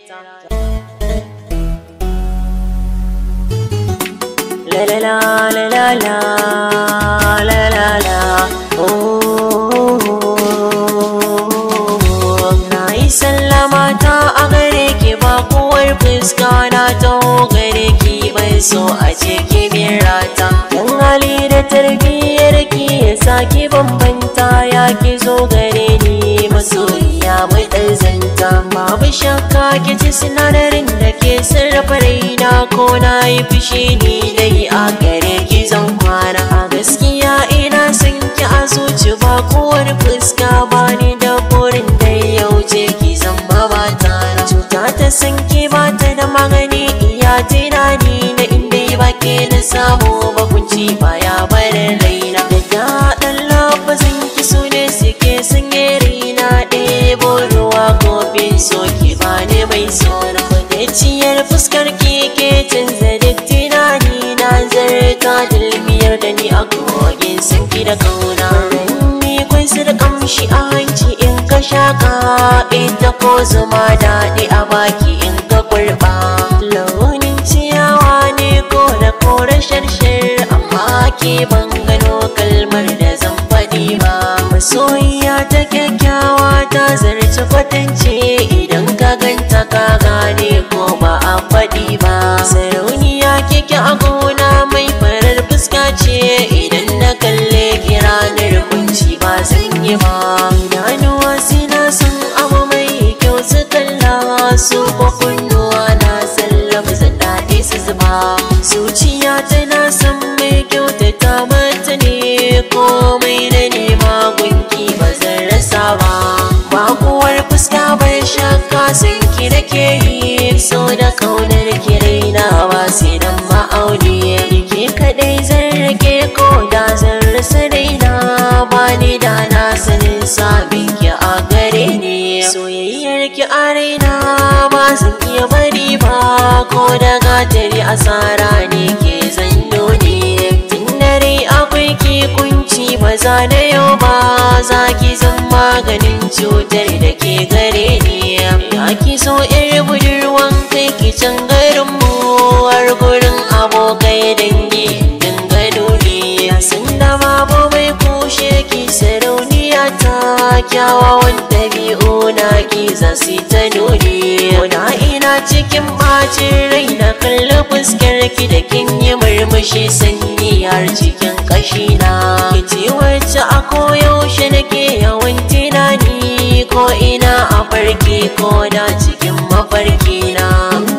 La la na yi sallama ta a gare ki ba kowar fuska na ta gare ki bai so a ce ki rata dan hali da tarbiyyar ki ya saki bambanta ya ki zo gare ni masoyi zanta babu shakka ke ci sinadarin da ke sarrafa raina ko na yi fushi ni dai a gare ki zan kwana gaskiya ina son ki a zuci ba kowar fuska ba ni da burin da ya wuce ki zan ba ba tara cuta ta san ki ba ta da magani iya tunani na inda ba ke na samu ko zuma daɗi a baki in ka kulɓa launin ciyawa ne ko da kore sharshir amma ke ban gano kalmar da zan faɗi ba masoyiya ta kyakkyawa ta zarci kwatance idan ka ganta ka gane ko ba a faɗi ba sarauniya kike kasin ki da ke yi so da kaunar ki ba sai dan aure ya rike kadai zan rike ko da zan rasa raina ba ni da na sanin sabin ki a gare ni soyayyar ki a raina ba zan iya bari ba ko da gatari asara ne zane yau ba za ki zan maganin cutar da ke gare ni ya ki so yar budurwan kai ki can garin mu har gurin abokai dangi din gado ne sun da babu mai kushe ki sarauniya ta kyawawan ɗabi'u na ki za su ta nuni muna ina cikin ɓacin rai na kalla fuskar ki da kin yi murmushi sanyi har cikin ƙashina. na su a koyaushe nake yawan tunani ko ina a farki ko da cikin mafarki na